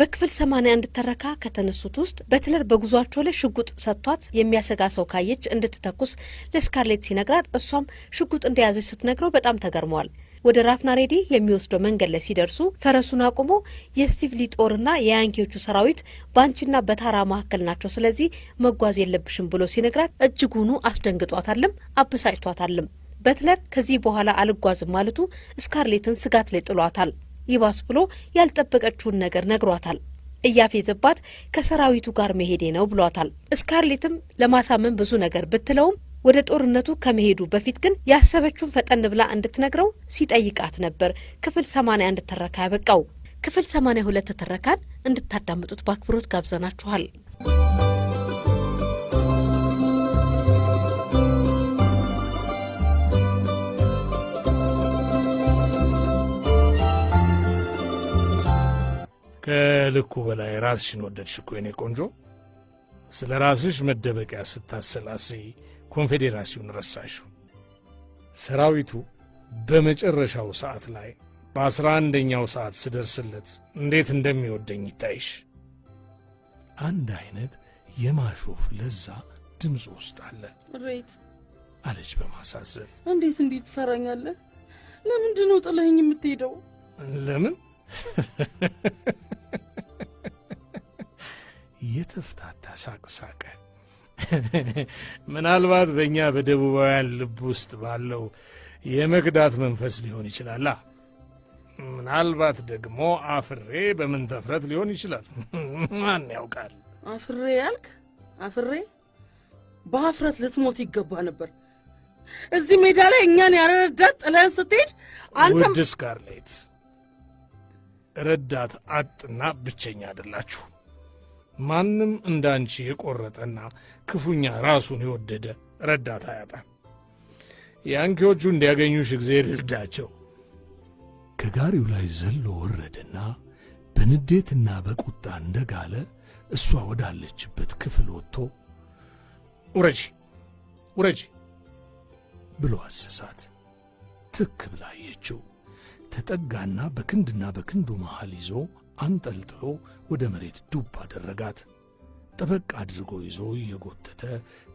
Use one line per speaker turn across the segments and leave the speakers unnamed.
በክፍል 81 ተረካ ከተነሱት ውስጥ በትለር በጉዟቸው ላይ ሽጉጥ ሰጥቷት የሚያሰጋ ሰው ካየች እንድትተኩስ ለስካርሌት ሲነግራት እሷም ሽጉጥ እንደያዘች ስትነግረው በጣም ተገርመዋል። ወደ ራፍና ሬዲ የሚወስደው መንገድ ላይ ሲደርሱ ፈረሱን አቁሞ የስቲቭ ሊ ጦርና የያንኪዎቹ ሰራዊት ባንቺና በታራ መካከል ናቸው፣ ስለዚህ መጓዝ የለብሽም ብሎ ሲነግራት እጅጉኑ አስደንግጧታልም አበሳጭቷታልም። በትለር ከዚህ በኋላ አልጓዝም ማለቱ ስካርሌትን ስጋት ላይ ጥሏታል። ይባስ ብሎ ያልጠበቀችውን ነገር ነግሯታል። እያፌዘባት ከሰራዊቱ ጋር መሄዴ ነው ብሏታል። ስካርሌትም ለማሳመን ብዙ ነገር ብትለውም ወደ ጦርነቱ ከመሄዱ በፊት ግን ያሰበችውን ፈጠን ብላ እንድትነግረው ሲጠይቃት ነበር። ክፍል 80 እንድትረካ ያበቃው ክፍል 82 ተረካን እንድታዳምጡት በአክብሮት ጋብዘናችኋል። ከልኩ በላይ ራስሽን ወደድሽ እኮ የኔ ቆንጆ። ስለ ራስሽ መደበቂያ ስታሰላሲ ኮንፌዴራሲውን ረሳሽው። ሰራዊቱ በመጨረሻው ሰዓት ላይ በአስራ አንደኛው ሰዓት ስደርስለት እንዴት እንደሚወደኝ ይታይሽ። አንድ አይነት የማሾፍ ለዛ ድምፅ ውስጥ አለ። ሬት አለች በማሳዘን እንዴት እንዴት ትሰራኛለህ? ለምንድን ነው ጥለኸኝ የምትሄደው? ለምን የተፍታታ ሳቅ ሳቀ። ምናልባት በእኛ በደቡባውያን ልብ ውስጥ ባለው የመክዳት መንፈስ ሊሆን ይችላላ። ምናልባት ደግሞ አፍሬ በምን ተፍረት ሊሆን ይችላል። ማን ያውቃል? አፍሬ ያልክ አፍሬ በአፍረት ልትሞት ይገባ ነበር። እዚህ ሜዳ ላይ እኛን ያረዳት ጥለህን ስትሄድ አንተም። ውድ ስካርሌት ረዳት አጥና ብቸኛ አይደላችሁ። ማንም እንዳንቺ የቆረጠና ክፉኛ ራሱን የወደደ ረዳት አያጣ። ያንኪዎቹ እንዲያገኙሽ እግዜር ይርዳቸው። ከጋሪው ላይ ዘሎ ወረደና በንዴትና በቁጣ እንደጋለ እሷ ወዳለችበት ክፍል ወጥቶ ውረጂ፣ ውረጂ ብሎ አሰሳት። ትክ ብላ አየችው። ተጠጋና በክንድና በክንዱ መሃል ይዞ አንጠልጥሎ ወደ መሬት ዱብ አደረጋት። ጠበቅ አድርጎ ይዞ እየጎተተ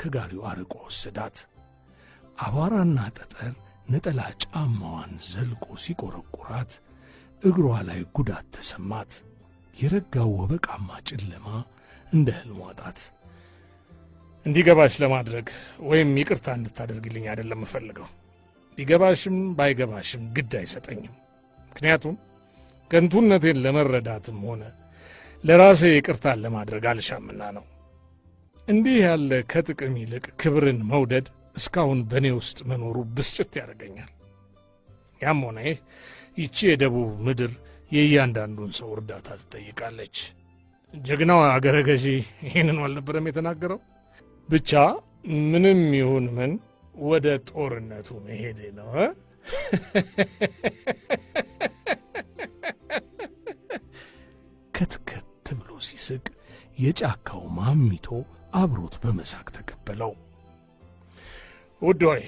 ከጋሪው አርቆ ወሰዳት። አቧራና ጠጠር ነጠላ ጫማዋን ዘልቆ ሲቆረቁራት እግሯ ላይ ጉዳት ተሰማት። የረጋው ወበቃማ ጨለማ እንደ ሕልም ዋጣት። እንዲገባሽ ለማድረግ ወይም ይቅርታ እንድታደርግልኝ አይደለም እፈልገው። ቢገባሽም ባይገባሽም ግድ አይሰጠኝም። ምክንያቱም ከንቱነቴን ለመረዳትም ሆነ ለራሴ ይቅርታን ለማድረግ አልሻምና ነው። እንዲህ ያለ ከጥቅም ይልቅ ክብርን መውደድ እስካሁን በእኔ ውስጥ መኖሩ ብስጭት ያደርገኛል። ያም ሆነ ይህ ይቺ የደቡብ ምድር የእያንዳንዱን ሰው እርዳታ ትጠይቃለች። ጀግናው አገረ ገዢ ይህንን አልነበረም የተናገረው? ብቻ ምንም ይሁን ምን ወደ ጦርነቱ መሄዴ ነው። ሲስቅ የጫካው ማሚቶ አብሮት በመሳቅ ተቀበለው። ውድ ሆይ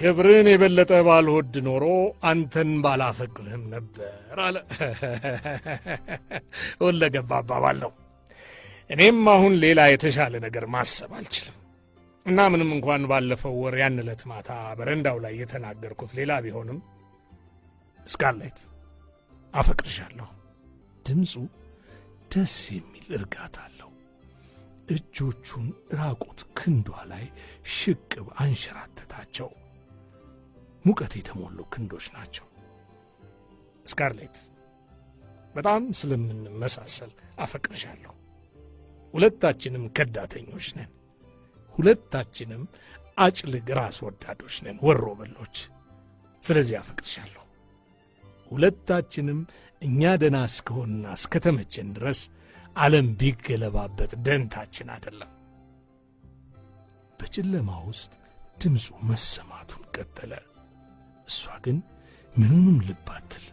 ክብርን የበለጠ ባልወድ ኖሮ አንተን ባላፈቅርህም ነበር አለ። ሁለገባ አባባል ነው። እኔም አሁን ሌላ የተሻለ ነገር ማሰብ አልችልም እና ምንም እንኳን ባለፈው ወር ያን ዕለት ማታ በረንዳው ላይ የተናገርኩት ሌላ ቢሆንም ስካርሌት አፈቅርሻለሁ ድምፁ ደስ የሚል እርጋታ አለው። እጆቹን ራቁት ክንዷ ላይ ሽቅብ አንሸራተታቸው። ሙቀት የተሞሉ ክንዶች ናቸው። ስካርሌት፣ በጣም ስለምንመሳሰል አፈቅርሻለሁ። ሁለታችንም ከዳተኞች ነን። ሁለታችንም አጭልግ ራስ ወዳዶች ነን፣ ወሮ በሎች። ስለዚህ አፈቅርሻለሁ። ሁለታችንም እኛ ደና እስከሆንና እስከተመቸን ድረስ ዓለም ቢገለባበት ደንታችን አደለም። በጨለማ ውስጥ ድምፁ መሰማቱን ቀጠለ። እሷ ግን ምኑንም ልብ አትል።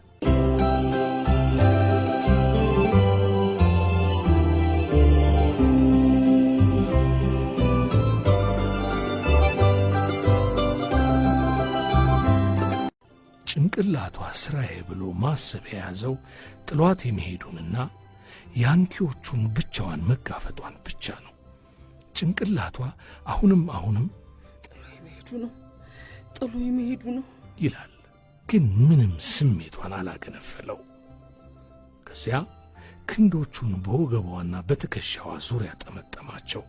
ጭንቅላቷ ሥራዬ ብሎ ማሰብ የያዘው ጥሏት የመሄዱንና ያንኪዎቹን ብቻዋን መጋፈጧን ብቻ ነው። ጭንቅላቷ አሁንም አሁንም ጥሎ የመሄዱ ነው፣ ጥሎ የመሄዱ ነው ይላል። ግን ምንም ስሜቷን አላገነፈለው። ከዚያ ክንዶቹን በወገቧና በትከሻዋ ዙሪያ ጠመጠማቸው።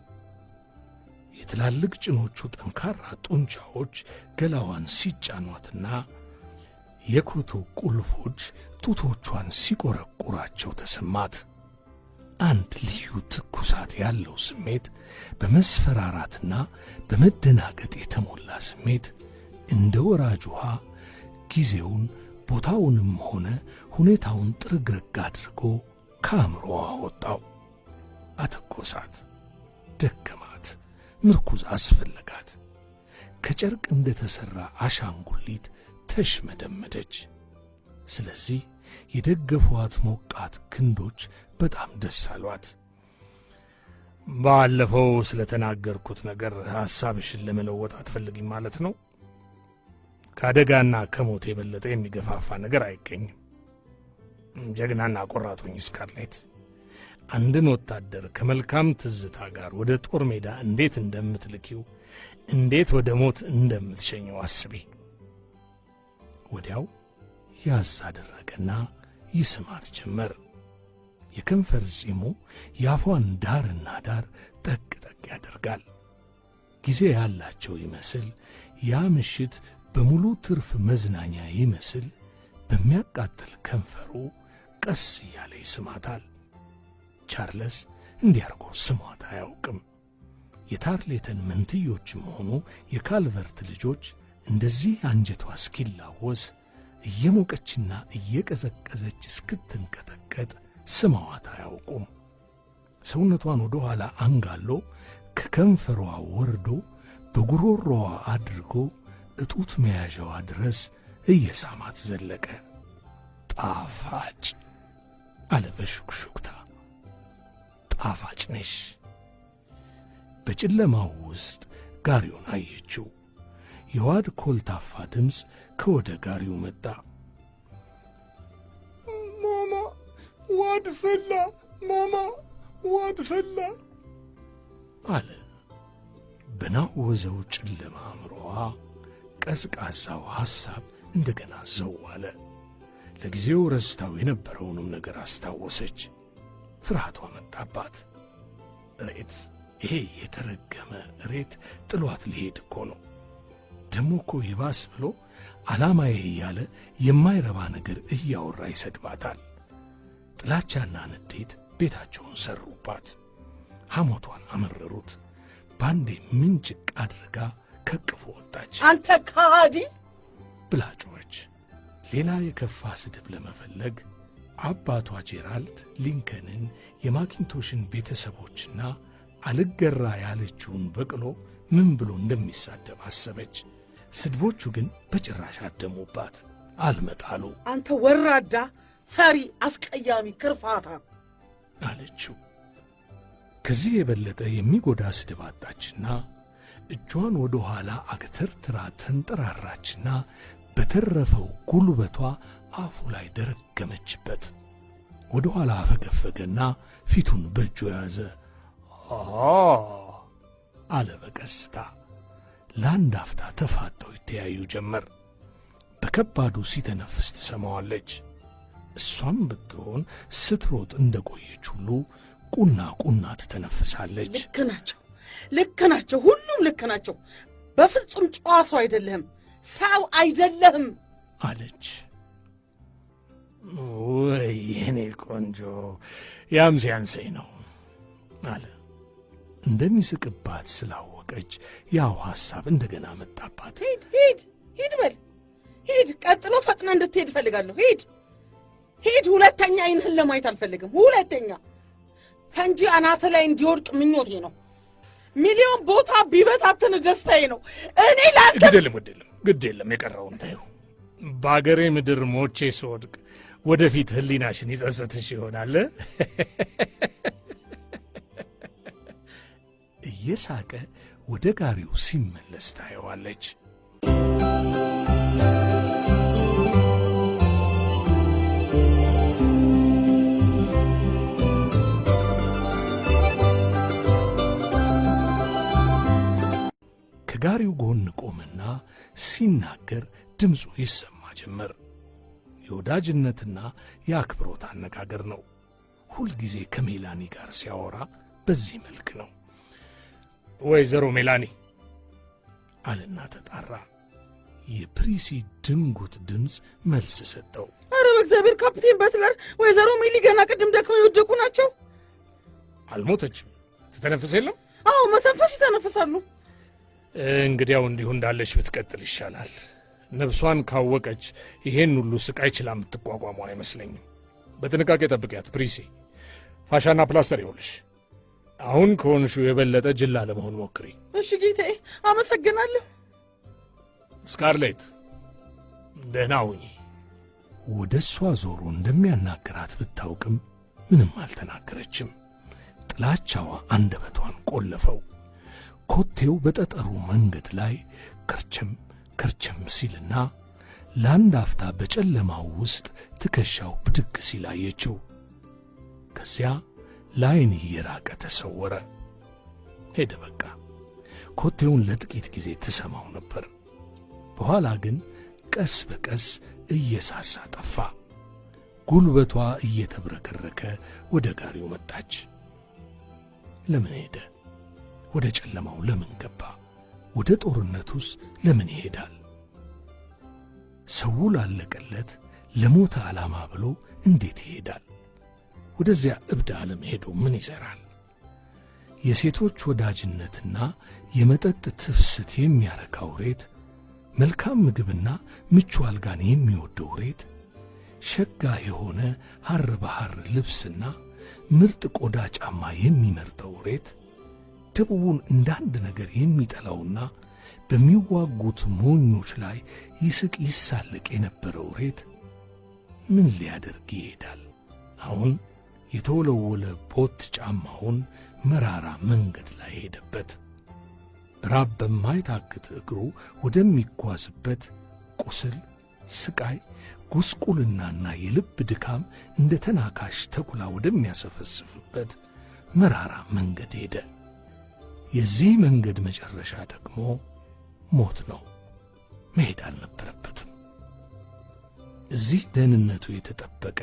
የትላልቅ ጭኖቹ ጠንካራ ጡንቻዎች ገላዋን ሲጫኗትና የኩቱ ቁልፎች ጡቶቿን ሲቆረቁራቸው ተሰማት። አንድ ልዩ ትኩሳት ያለው ስሜት፣ በመስፈራራትና በመደናገጥ የተሞላ ስሜት እንደ ወራጅ ውሃ ጊዜውን ቦታውንም ሆነ ሁኔታውን ጥርግርግ አድርጎ ከአእምሮዋ ወጣው። አተኮሳት፣ ደከማት፣ ምርኩዝ አስፈለጋት። ከጨርቅ እንደተሠራ አሻንጉሊት ተሽመደመደች። ስለዚህ የደገፏት ሞቃት ክንዶች በጣም ደስ አሏት። ባለፈው ስለተናገርኩት ነገር ሐሳብሽን ለመለወጥ አትፈልጊም ማለት ነው? ከአደጋና ከሞት የበለጠ የሚገፋፋ ነገር አይገኝም። ጀግናና ቆራጦኝ ስካርሌት፣ አንድን ወታደር ከመልካም ትዝታ ጋር ወደ ጦር ሜዳ እንዴት እንደምትልኪው፣ እንዴት ወደ ሞት እንደምትሸኘው አስቤ ወዲያው ያዝ አደረገና ይስማት ጀመር። የከንፈር ጺሙ የአፏን ዳርና ዳር ጠቅ ጠቅ ያደርጋል። ጊዜ ያላቸው ይመስል ያ ምሽት በሙሉ ትርፍ መዝናኛ ይመስል በሚያቃጥል ከንፈሩ ቀስ እያለ ይስማታል። ቻርለስ እንዲያርጎ ስሟት አያውቅም። የታርሌተን መንትዮችም ሆኑ የካልቨርት ልጆች እንደዚህ አንጀቷ እስኪላወስ እየሞቀችና እየቀዘቀዘች እስክትንቀጠቀጥ ስማዋት አያውቁም። ሰውነቷን ወደ ኋላ አንጋሎ ከከንፈሯ ወርዶ በጉሮሮዋ አድርጎ እጡት መያዣዋ ድረስ እየሳማት ዘለቀ። ጣፋጭ አለ በሹክሹክታ። ጣፋጭ ነሽ። በጨለማው ውስጥ ጋሪውን አየችው። የዋድ ኮልታፋ ድምፅ ከወደ ጋሪው መጣ። ማማ ዋድ ፈላ፣ ማማ ዋድ ፈላ አለ። በናወዘው ጨለማ አእምሮዋ ቀዝቃዛው ሐሳብ እንደገና ዘው አለ። ለጊዜው ረዝታው የነበረውንም ነገር አስታወሰች። ፍርሃቷ መጣባት። እሬት፣ ይሄ የተረገመ እሬት ጥሏት ሊሄድ እኮ ነው። ደሞ እኮ ይባስ ብሎ ዓላማዬ እያለ የማይረባ ነገር እያወራ ይሰድባታል። ጥላቻና ንዴት ቤታቸውን ሰሩባት፣ ሐሞቷን አመረሩት። ባንዴ ምንጭቅ አድርጋ ከቅፎ ወጣች። አንተ ከሃዲ ብላ ጮኸች። ሌላ የከፋ ስድብ ለመፈለግ አባቷ ጄራልድ ሊንከንን የማኪንቶሽን ቤተሰቦችና አልገራ ያለችውን በቅሎ ምን ብሎ እንደሚሳደብ አሰበች። ስድቦቹ ግን በጭራሽ አደሙባት አልመጣሉ። አንተ ወራዳ፣ ፈሪ፣ አስቀያሚ፣ ክርፋታ አለችው። ከዚህ የበለጠ የሚጎዳ ስድብ አጣችና እጇን ወደ ኋላ አግተርትራ ተንጠራራችና በተረፈው ጉልበቷ አፉ ላይ ደረገመችበት። ወደ ኋላ አፈገፈገና ፊቱን በእጁ ያዘ። አለ በቀስታ። ለአንድ አፍታ ተፋጠው ይተያዩ ጀመር። በከባዱ ሲተነፍስ ትሰማዋለች። እሷም ብትሆን ስትሮጥ እንደ ቆየች ሁሉ ቁና ቁና ትተነፍሳለች። ልክ ናቸው፣ ልክ ናቸው፣ ሁሉም ልክ ናቸው። በፍጹም ጨዋ ሰው አይደለህም፣ ሰው አይደለህም አለች። ወይ የኔ ቆንጆ ያም ሲያንሰኝ ነው አለ እንደሚስቅባት ስላው ወደቀች። ያው ሐሳብ እንደገና መጣባት። ሂድ ሂድ ሂድ በል ሂድ። ቀጥሎ ፈጥነ እንድትሄድ እፈልጋለሁ። ሂድ ሂድ። ሁለተኛ ይህንህን ለማየት አልፈልግም። ሁለተኛ ፈንጂ አናተ ላይ እንዲወድቅ ምኞቴ ነው። ሚሊዮን ቦታ ቢበታትን ደስታዬ ነው። እኔ ላንተ ግድ የለም፣ ግድ የለም፣ ግድ የለም። የቀረውን ታዩ። በአገሬ ምድር ሞቼ ስወድቅ ወደፊት ህሊናሽን ይጸጽትሽ ይሆናል። እየሳቀ ወደ ጋሪው ሲመለስ ታየዋለች። ከጋሪው ጎን ቆምና ሲናገር ድምፁ ይሰማ ጀመር። የወዳጅነትና የአክብሮት አነጋገር ነው። ሁልጊዜ ከሜላኒ ጋር ሲያወራ በዚህ መልክ ነው። ወይዘሮ ሜላኒ አለና ተጣራ። የፕሪሲ ድንጉት ድምፅ መልስ ሰጠው። አረ በእግዚአብሔር ካፕቴን በትለር፣ ወይዘሮ ሜሊ ገና ቅድም ደክመው የወደቁ ናቸው። አልሞተችም። ትተነፍስ የለም? አዎ መተንፈስ ይተነፍሳሉ። እንግዲያው እንዲሁ እንዳለች ብትቀጥል ይሻላል። ነብሷን ካወቀች ይሄን ሁሉ ስቃይ ችላ የምትቋቋመው አይመስለኝም። በጥንቃቄ ጠብቂያት ፕሪሲ። ፋሻና ፕላስተር ይሆልሽ። አሁን ከሆንሹ የበለጠ ጅላ ለመሆን ሞክሪ። እሺ ጌታዬ፣ አመሰግናለሁ። ስካርሌት፣ ደህና ሁኚ። ወደ እሷ ዞሮ እንደሚያናግራት ብታውቅም ምንም አልተናገረችም። ጥላቻዋ አንደበቷን ቆለፈው። ኮቴው በጠጠሩ መንገድ ላይ ክርችም ክርችም ሲልና ለአንድ አፍታ በጨለማው ውስጥ ትከሻው ብድግ ሲል አየችው። ከዚያ ለአይን እየራቀ ተሰወረ። ሄደ በቃ። ኮቴውን ለጥቂት ጊዜ ትሰማው ነበር። በኋላ ግን ቀስ በቀስ እየሳሳ ጠፋ። ጉልበቷ እየተብረከረከ ወደ ጋሪው መጣች። ለምን ሄደ? ወደ ጨለማው ለምን ገባ? ወደ ጦርነቱስ ለምን ይሄዳል? ሰው ላለቀለት ለሞተ ዓላማ ብሎ እንዴት ይሄዳል? ወደዚያ እብድ ዓለም ሄዶ ምን ይሠራል? የሴቶች ወዳጅነትና የመጠጥ ትፍስት የሚያረካው ሬት፣ መልካም ምግብና ምቹ አልጋን የሚወደው ሬት፣ ሸጋ የሆነ ሐር በሐር ልብስና ምርጥ ቆዳ ጫማ የሚመርጠው ሬት፣ ደቡቡን አንድ ነገር የሚጠላውና በሚዋጉት ሞኞች ላይ ይስቅ ይሳለቅ የነበረው ሬት ምን ሊያደርግ ይሄዳል? አሁን የተወለወለ ቦት ጫማውን መራራ መንገድ ላይ ሄደበት። ራብ በማይታክት እግሩ ወደሚጓዝበት ቁስል፣ ስቃይ፣ ጉስቁልናና የልብ ድካም እንደ ተናካሽ ተኩላ ወደሚያሰፈስፍበት መራራ መንገድ ሄደ። የዚህ መንገድ መጨረሻ ደግሞ ሞት ነው። መሄድ አልነበረበትም። እዚህ ደህንነቱ የተጠበቀ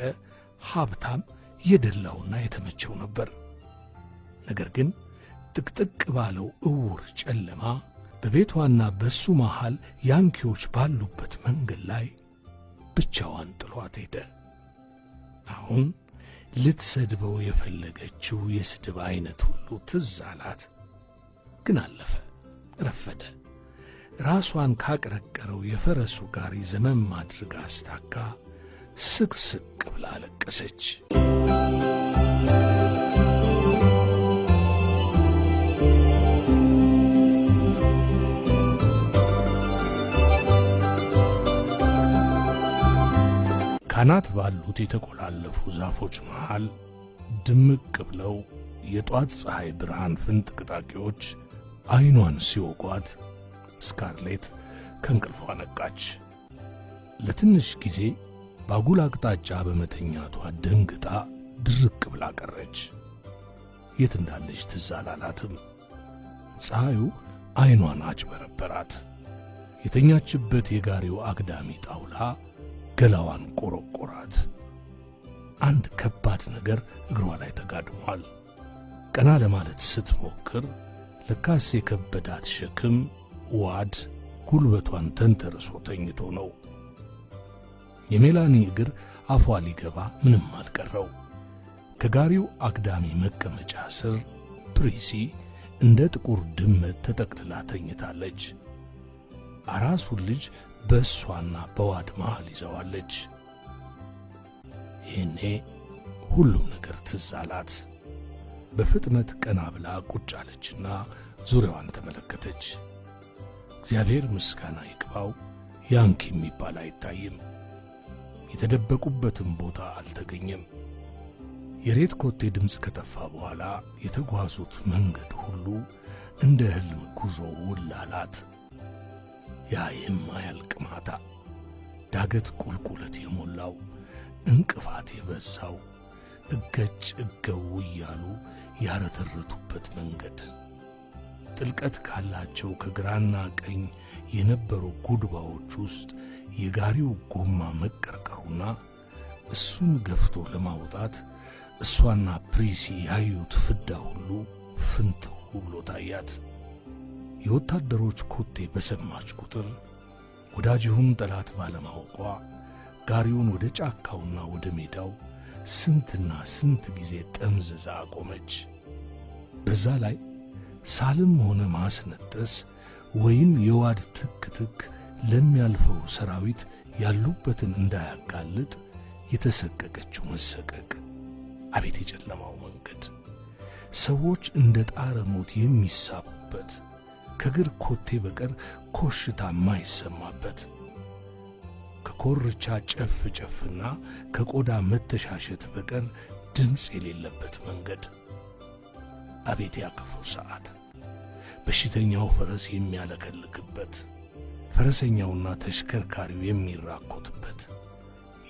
ሀብታም የደላውና የተመቸው ነበር። ነገር ግን ጥቅጥቅ ባለው እውር ጨለማ በቤቷና በሱ መሃል ያንኪዎች ባሉበት መንገድ ላይ ብቻዋን ጥሏት ሄደ። አሁን ልትሰድበው የፈለገችው የስድብ ዐይነት ሁሉ ትዝ አላት። ግን አለፈ፣ ረፈደ። ራሷን ካቀረቀረው የፈረሱ ጋሪ ዘመን ማድረግ አስታካ ስቅስቅ ብላ አለቀሰች። ካናት ባሉት የተቆላለፉ ዛፎች መሃል ድምቅ ብለው የጧት ፀሐይ ብርሃን ፍንጥቅጣቂዎች ዐይኗን ሲወቋት ስካርሌት ከእንቅልፏ ነቃች። ለትንሽ ጊዜ ባጉል አቅጣጫ በመተኛቷ ደንግጣ ድርቅ ብላ ቀረች። የት እንዳለች ትዝ አላላትም። ፀሐዩ ዐይኗን አጭበረበራት። የተኛችበት የጋሪው አግዳሚ ጣውላ ገላዋን ቆረቆራት። አንድ ከባድ ነገር እግሯ ላይ ተጋድሟል። ቀና ለማለት ስትሞክር ለካስ የከበዳት ሸክም ዋድ ጉልበቷን ተንተርሶ ተኝቶ ነው። የሜላኒ እግር አፏ ሊገባ ምንም አልቀረው። ከጋሪው አግዳሚ መቀመጫ ስር ፕሪሲ እንደ ጥቁር ድመት ተጠቅልላ ተኝታለች። አራሱን ልጅ በእሷና በዋድ መሃል ይዘዋለች። ይህኔ ሁሉም ነገር ትዝ አላት። በፍጥነት ቀና ብላ ቁጭ አለችና ዙሪያዋን ተመለከተች። እግዚአብሔር ምስጋና ይግባው፣ ያንኪ የሚባል አይታይም። የተደበቁበትም ቦታ አልተገኘም። የሬት ኮቴ ድምፅ ከጠፋ በኋላ የተጓዙት መንገድ ሁሉ እንደ ሕልም ጉዞ ውላላት። ያ የማያልቅ ማታ፣ ዳገት ቁልቁለት የሞላው እንቅፋት የበዛው እገጭ እገው እያሉ ያረተረቱበት መንገድ ጥልቀት ካላቸው ከግራና ቀኝ የነበሩ ጉድባዎች ውስጥ የጋሪው ጎማ መቀርቀሩና እሱን ገፍቶ ለማውጣት እሷና ፕሪሲ ያዩት ፍዳ ሁሉ ፍንትው ብሎ ታያት። የወታደሮች ኮቴ በሰማች ቁጥር ወዳጅሁን ጠላት ባለማወቋ ጋሪውን ወደ ጫካውና ወደ ሜዳው ስንትና ስንት ጊዜ ጠምዝዛ አቆመች። በዛ ላይ ሳልም ሆነ ማስነጠስ ወይም የዋድ ትክ ትክ ለሚያልፈው ሰራዊት ያሉበትን እንዳያጋልጥ የተሰቀቀችው መሰቀቅ። አቤት የጨለማው መንገድ! ሰዎች እንደ ጣረ ሞት የሚሳቡበት ከግር ኮቴ በቀር ኮሽታ ማይሰማበት ከኮርቻ ጨፍ ጨፍና ከቆዳ መተሻሸት በቀር ድምፅ የሌለበት መንገድ። አቤት ያከፈው ሰዓት! በሽተኛው ፈረስ የሚያለከልክበት፣ ፈረሰኛውና ተሽከርካሪው የሚራኮትበት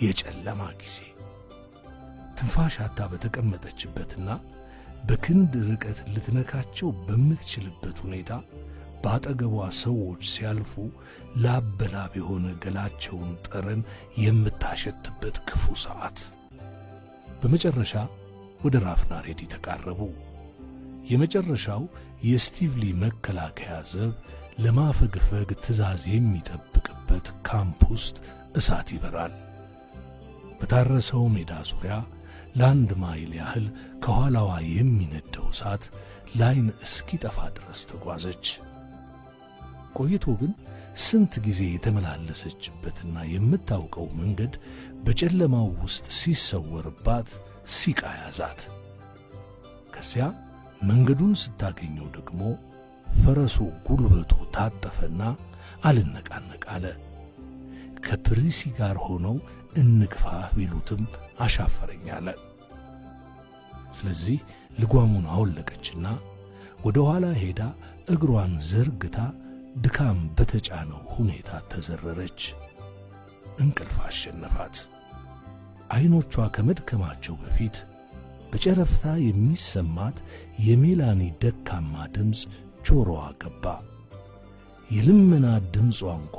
የጨለማ ጊዜ ትንፋሽ አታ በተቀመጠችበትና በክንድ ርቀት ልትነካቸው በምትችልበት ሁኔታ በአጠገቧ ሰዎች ሲያልፉ ላብ በላብ የሆነ ገላቸውን ጠረን የምታሸትበት ክፉ ሰዓት። በመጨረሻ ወደ ራፍና ሬዲ ተቃረቡ። የመጨረሻው የስቲቭሊ መከላከያ ዘብ ለማፈግፈግ ትእዛዝ የሚጠብቅበት ካምፕ ውስጥ እሳት ይበራል። በታረሰው ሜዳ ዙሪያ ለአንድ ማይል ያህል ከኋላዋ የሚነደው እሳት ላይን እስኪጠፋ ድረስ ተጓዘች። ቆይቶ ግን ስንት ጊዜ የተመላለሰችበትና የምታውቀው መንገድ በጨለማው ውስጥ ሲሰወርባት ሲቃ ያዛት። ከዚያ መንገዱን ስታገኘው ደግሞ ፈረሱ ጉልበቱ ታጠፈና አልነቃነቅ አለ። ከፕሪሲ ጋር ሆነው እንግፋ ቢሉትም አሻፈረኝ አለ። ስለዚህ ልጓሙን አወለቀችና ወደ ኋላ ሄዳ እግሯን ዘርግታ ድካም በተጫነው ሁኔታ ተዘረረች። እንቅልፍ አሸነፋት። ዐይኖቿ ከመድከማቸው በፊት በጨረፍታ የሚሰማት የሜላኒ ደካማ ድምፅ ጆሮዋ ገባ። የልመና ድምጿ እንኳ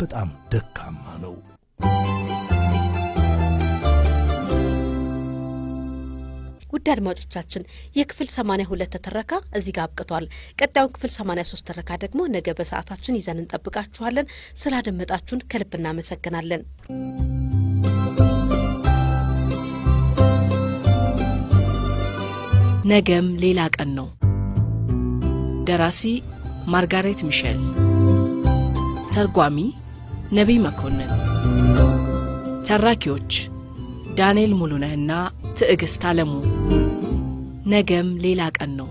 በጣም ደካማ ነው። ውድ አድማጮቻችን የክፍል 82 ተረካ እዚህ ጋር አብቅቷል። ቀጣዩን ክፍል 83 ተረካ ደግሞ ነገ በሰዓታችን ይዘን እንጠብቃችኋለን። ስላደመጣችሁን ከልብ እናመሰግናለን። ነገም ሌላ ቀን ነው። ደራሲ ማርጋሬት ሚሸል ተርጓሚ ነቢይ መኮንን፣ ተራኪዎች ዳንኤል ሙሉነህና ትዕግሥት አለሙ። ነገም ሌላ ቀን ነው።